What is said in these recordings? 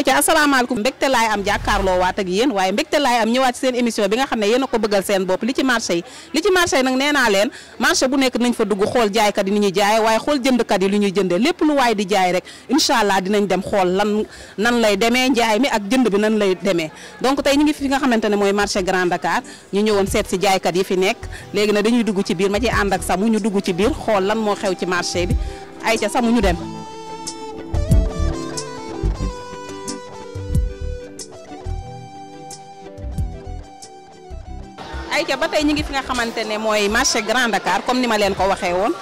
ay ca asalaamaaleykum mbégte laay am jàkkaarloo waat ak yéen waaye mbégte laay am ñëwaat ci seen émission bi nga xam ne yéen ko bëggal seen bopp li ci marché yi li ci marché yi nag nee leen marché bu nekk nañ fa dugg xool jaaykat yi ni ñuy jaaye waaye xool jëndkat yi lu ñuy jënde lépp lu waay di jaay rek incha allah dinañ dem xool lan nan lay demee njaay mi ak jënd bi nan lay demee donc tey ñu ngi fi nga xamante ne mooy marché Grand Dakar ñu ñëwoon seet ci jaaykat yi fi nekk léegi nag dañuy ci biir ma ci ànd ak samu ñu dugg ci biir xool lan moo xew ci marché bi ay ca samu ñu dem ayca ba tey ñi ngi fi nga xamante ne mooy marché grande Dakar comme ni ma leen ko waxee woon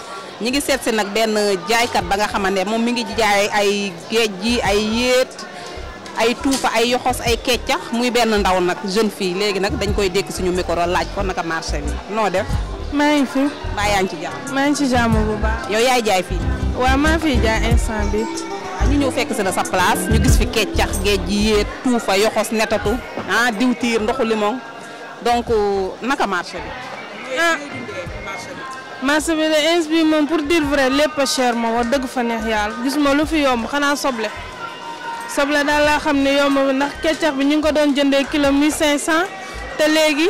ñi ngi seet si nag benn jaaykat ba nga xamante moom mi ngi jaay ay géej gi ay yéet ay tuufa ay yoxos ay keccax muy benn ndaw nag jeune fii léegi nag dañ koy si ñu micro laaj ko naka marché bi noo def. maa ngi fi. mbaa yaa ngi ci jàmm. maa ngi ci jàmm bu baax. yow yaay jaay fii. waaw maa fi jaay instant bi ah, ñu ñëw fekk si la sa place gis fi keccax géej gi yéet tuufa yoxos netatu ah diwtiir ndoxu limon donc euh, naka marché bi. ah bi de ins bi moom pour dire vrai lépp cher moom wa dëgg fa neex yàlla gis ma lu fi yomb xanaa soble. soble daal laa xam ne yomb ndax keccax bi ñu ngi ko doon jëndee kilo 1500 te léegi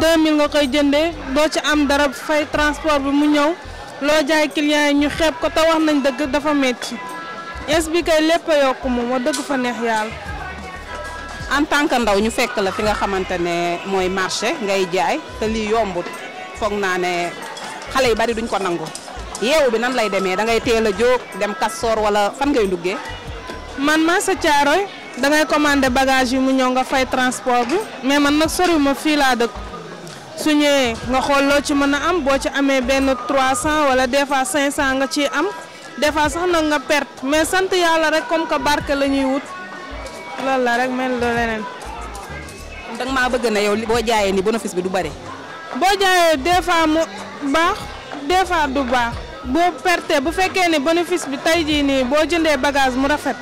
2000 nga koy jëndee doo ci am dara fay transport bi mu ñëw loo jaay client yi ñu xeeb ko te wax nañ dëgg dafa metti ins bi kay lépp yokk moom wax dëgg fa neex yàlla. en tant que ndaw ñu fekk la fi nga xamante ne mooy marché ngay jaay te lii yombut foog naa ne xale yu bari duñ ko nangu yeewu bi nan lay demee da ngay teel a jóg dem Castor wala fan ngay duggee. man maa sa caaroy da ngay commandé bagage yi mu ñëw nga fay transport bi mais man nag ma fii laa dëkk su ñëwee nga xool loo ci mën a am boo ci amee benn 300 wala des fois 500 nga ciy am des fois sax nag nga perte mais sant yàlla rek comme que barke la ñuy wut. loolu la rek mel loo leneen. kon danga maa bëgg na yow boo jaayee ni bénéfice bi du bare. boo jaayee des fois mu baax des fois du baax boo perte bu fekkee ne bénéfice bi tey jii nii boo jëndee bagage mu rafet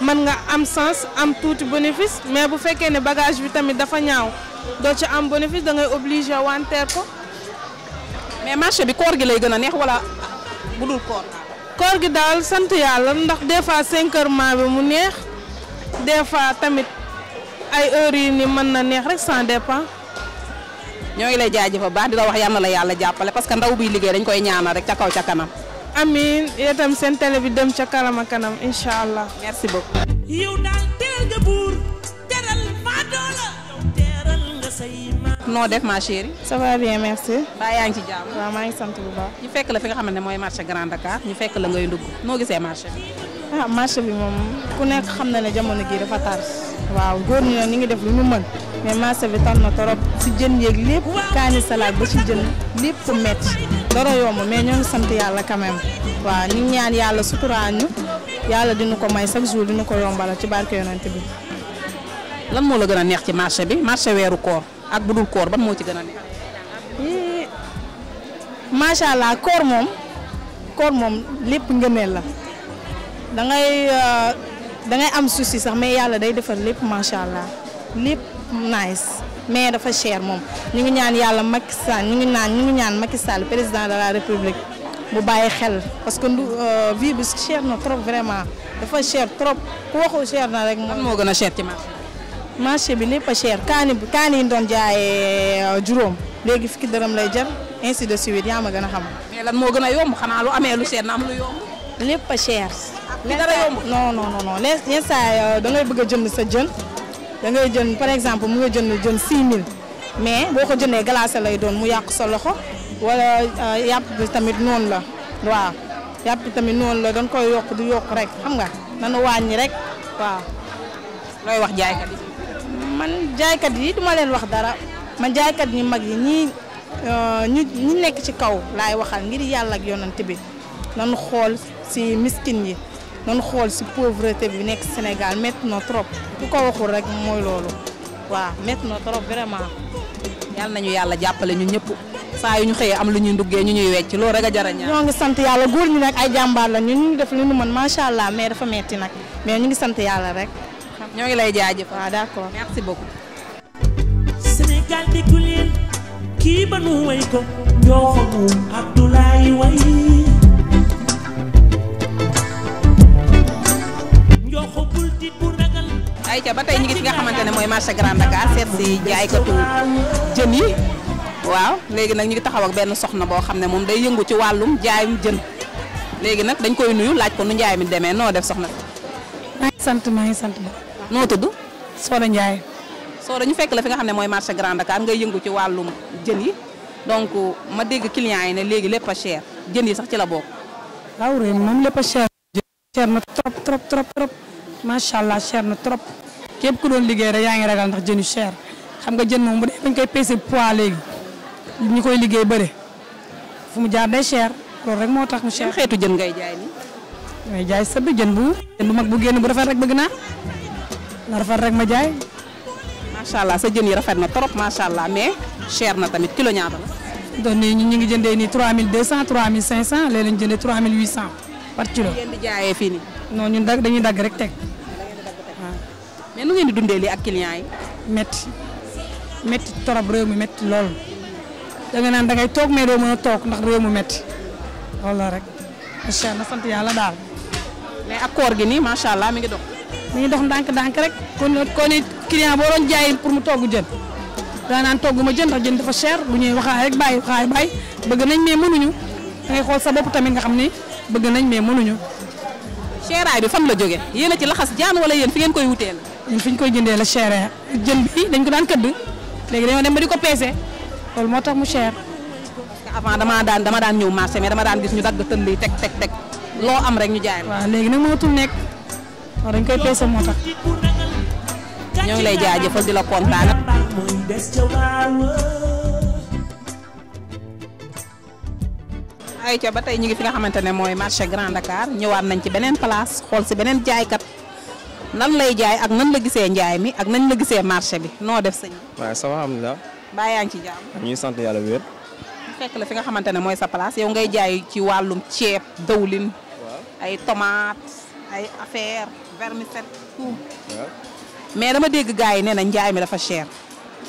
man nga am sens am tuuti bénéfice mais bu fekkee ne bagage bi tamit dafa ñaaw doo ci am bénéfice da ngay obligé wanteer ko. mais marché bi koor gi lay gën a neex wala bu dul koor. koor gi daal sant yàlla ndax des fois 5 heures bi mu neex. des fois tamit ay heures yi ni mën na neex rek sans dépend. ñoo ngi lay jaajëfal baax di la wax yal la yàlla jàppale parce que ndaw biy liggéey dañ koy ñaanal rek ca kaw ca kanam. amiin yéen itam seen télé bi dem ca kanam a kanam incha allah. merci beaucoup. yow daal teel nga noo def ma chérie. ça va bien merci. baa yaa ngi ci jàmm. waaw maa ngi sant bu baax. ñu fekk la fi nga xamante ne mooy marché grande Dakar ñu fekk la ngay dugg noo gisee marché bi. ah marché bi moom ku nekk xam na ne jamono gii dafa tar waaw góor ñi nag ñu ngi def lu ñu mën mais marché bi tar na torop si jën yeeg lépp kaani salade ba si jën lépp ku métti dara yomb mais ñoo ngi sant yàlla quand waaw ñu ñaan yàlla suturaan ñu yàlla dina ko may chaque jour dina ko yombalal ci barke yonent bi. lan moo la gën a neex ci marché bi marché weeru koor ak budul koor ban moo ci gën a neex. macha allah koor moom koor moom lépp ngëneel la. da ngay euh, da ngay am souci sax mais yàlla day defar lépp macha allah lépp nice mais dafa chair moom ñu ngi ñaan yàlla Macky ñu ngi naan ñu ngi ñaan Macky président de la république bu bàyyi xel parce que euh, vie bi cher na trop vraiment dafa cher trop ku waxu cher na rek. moom moo gën a cher ci marché bi lépp a cher kaani kaani yi doon jaayee euh, juróom léegi fukki dërëm lay jar ainsi de suite yaa ma gën a xam. mais lan moo gën a yomb xanaa lu amee lu cher na am lu yomb. lépp a li dara yomb non non non saa euh, da bëgg a jënd sa jën da ngay jënd par exemple mu nga jën jën 6000 mais boo ko jëndee glacé lay doon mu yàq sa loxo wala euh, yàpp bi tamit noonu la waaw yàpp bi tamit noonu la dañ koy yokk du yokk rek xam nga nanu wàññi rek waaw. looy wax jaaykat yi. man jaaykat yi duma leen wax dara man jaaykat ñi mag yi ñii euh, ñu ñi nekk ci kaw laay waxal ngir yàlla ak yonent bi nanu xool si miskin yi. noonu xool si pauvreté bi nekk Sénégal métti na trop ku ko waxul rek mooy loolu waaw métti na trop vraiment. yal nañu yàlla jàppale ñu ñëpp saa yu ñu xëyee am lu ñuy nduggee ñu ñuy wecc loolu rek a jarañaa ñoo ngi sant yàlla góor ñi nag ay jàmbaar la ñun ñu ngi def li nu mën allah mais dafa metti nag mais ñu ngi sant yàlla rek. ñoo ngi lay jaajëf waaw d'accord merci beaucoup. Sénégal déglu leen kii ba nu way ko ñoo xamul Abdoulaye Waye. ayca ba tey ñu ngi fi nga xamante ne mooy marché Grand Dakar seet si jaaykatu jën yi waaw léegi nag ñu ngi taxaw ak benn soxna boo xam ne moom day yëngu ci wàllum jaayum jën léegi nag dañ koy nuyu laaj ko njaay mi demee noo def soxna si. maa ngi sant ngi sant. noo tudd. Soda Ndiaye. Soda ñu fekk la nga xam ne mooy marché Grand Dakar ngay yëngu ci wàllum jën yi donc ma dégg client yi ne léegi lépp a cher jën yi sax ci la bokk. waaw moom lépp cher. cher na trop trop trop trop macha allah cher na trop. képp ku doon liggéey rek yaa ngi ragal ndax jën yu cher xam nga jën moom bu dee dañ koy peser poids léegi ñu koy liggéey bëre fu mu jaar day cher loolu rek moo tax mu cher. xeetu jën ngay jaay nii. ngay jaay sëb jën bu. jën bu mag bu génn bu rafet rek bëgg na rafet rek ma jaay. macha allah sa jën yi rafet na trop macha allah mais cher na tamit kilo ñaata la. donc nii ñu ngi jëndee nii 3200 3500 léeg-léeg ñu jëndee 3800 par kilo. yéen di jaayee fii nii. non ñun dagg dañuy dagg rek teg. mais nu ngeen di dundee lii ak client yi. métti métti torop réew mu métti lool da naan da ngay toog mais doo mën a toog ndax réew mu métti loolu rek macha allah sant yàlla daal. mais ak gi nii macha allah mi ngi dox. mi ngi ndànk-ndànk rek. kon kon it boo doon jaayi pour mu togg jën daa naan togg ma jën ndax jën dafa cher bu ñuy waxaay rek bàyyi waxaay bëgg nañ mais mënuñu da xool sa bopp tamit nga xam ni bëgg nañ mais mënuñu. seeraay bi fan la jóge yéen a ci laxas jaan wala yéen fi ngeen koy wuteel. ñun fi ñu koy jëndee la cher jën bi dañ ko daan këdd léegi dañoo dem ba di ko peese loolu moo tax mu cher. avant daan dama daan ñëw marché mais dama daan gis ñu dagg tëll yi teg teg teg loo am rek ñu jaay la. waaw léegi nag mënatul nekk waaw dañ koy peese moo tax. ñoo ngi lay jaajëfal di la kontaan. ayca ba tey ñu ngi fi nga xamante ne mooy marché grande Dakar ñëwaat nañ ci beneen place xool si beneen jaaykat. nan lay jaay ak nan la gisee njaay mi ak nan la gisee marché bi noo def sëñ bi. waaw ça va yaa ngi ci jàmm. ñuy sant yàlla wér. fekk la fi nga xamante ne mooy sa place yow ngay jaay ci wàllum ceeb dawlin. ay tomate ay affaire vermicelle mais dama dégg gars yi nee na njaay mi dafa cher.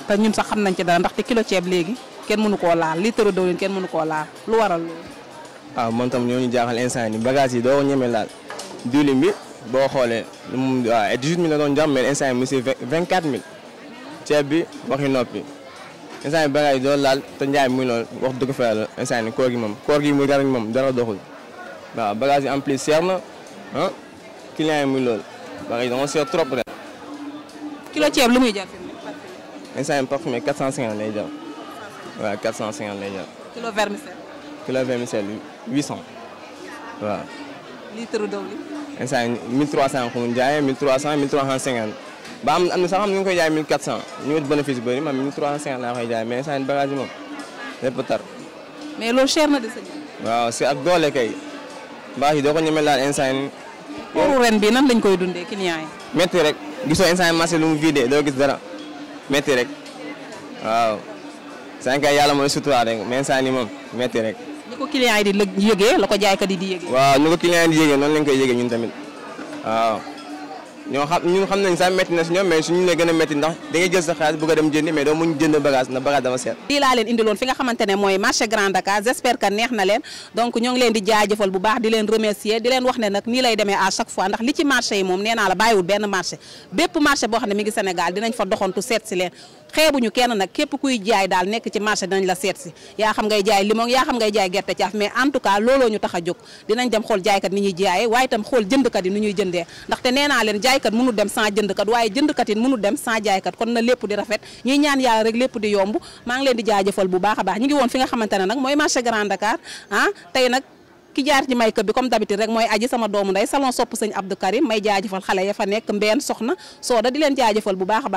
te ñun sax xam nañ ci dara ndaxte kilo ceeb léegi kenn mënu koo laal litre dawlin kenn mënu koo laal lu waral loolu. waaw ah, man tam ñoo ñu jaaxal instant yi nii yi doo ñeme laal diwlin bi. boo xoolee moom waaw ay 18000 la doon jàmm mais instant yii mu si 24000 ceeb bi waxi noppi instant yii bagage doo laal te njaay muy loolu wax dëgg fa yàlla instant yii koor gi moom koor gi muy garañ moom dara doxul waaw bagage yi en plus seer na ah client yi muy loolu bagage yi da nga seer trop rek. kilo ceeb lu muy jar fi mu ne. instant yii parfumé 450 lay jar waaw 450 lay jar. kilo vermicelle. kilo vermicelle 800 waaw. instant yii 1300 ku mu jaayee 1300 1350 ba am am na sax xam ne ñu ngi koy jaay 1400 ñu wut bénéfice koy jaay mais instant yii bagage bi moom lépp tar. mais loolu cher na de sa waaw si ak doole kay bagage yi doo ko ñemee laal bi nan lañ koy dundee client yi. métti rek gisoo instant yii marché mu vidé doo gis dara métti rek waaw. sànq yàlla mooy suturaat rek mais instant yii moom rek. ñu ko client yi di yëgee la ko jaaykat yi di yëgee. waaw ñu ko client yi di lañ koy yëgee ñun tamit ñoo xam nañ sax métti na si ñoom mais suñu ne gën a métti ndax da jël sa xaalis bëgg a dem jëndi mais doo mun jënd bagage nga xamante ne seet si leen xeebuñu kenn nag képp kuy jaay daal nekk ci marché dinañ la seet si yaa xam ngay jaay limon yaa xam ngay jaay gerte caaf mais en tout cas looloo ñu tax a jóg dinañ dem xool jaaykat ni ñuy jaayee waaye itam xool jëndkat yi ni ñuy jëndee ndaxte nee naa leen jaaykat mënu dem jëndkat waaye dem sans jaaykat kon na lépp di rafet ñuy ñaan yàlla rek lépp di yomb maa ngi leen di jaajëfal bu baax a baax ñu ngi woon fi nga xamante nag mooy marché Grand Dakar ah tey nag ki jaar ci may këb bi comme d'habitude rek mooy aji sama doomu ndey salon sopp sëñ Abdou Karim may jaajëfal xale ya fa nekk mbeen soxna sooda di leen jaajëfal bu baax a baax